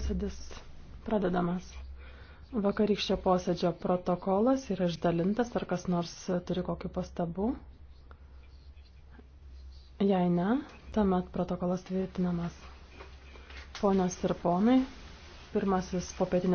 Posėdis pradedamas. Vakarykščio posėdžio protokolas yra išdalintas, ar kas nors turi kokių pastabų. Jei ne, tuomet protokolas tvirtinamas. Ponios ir ponai, pirmasis popietinė.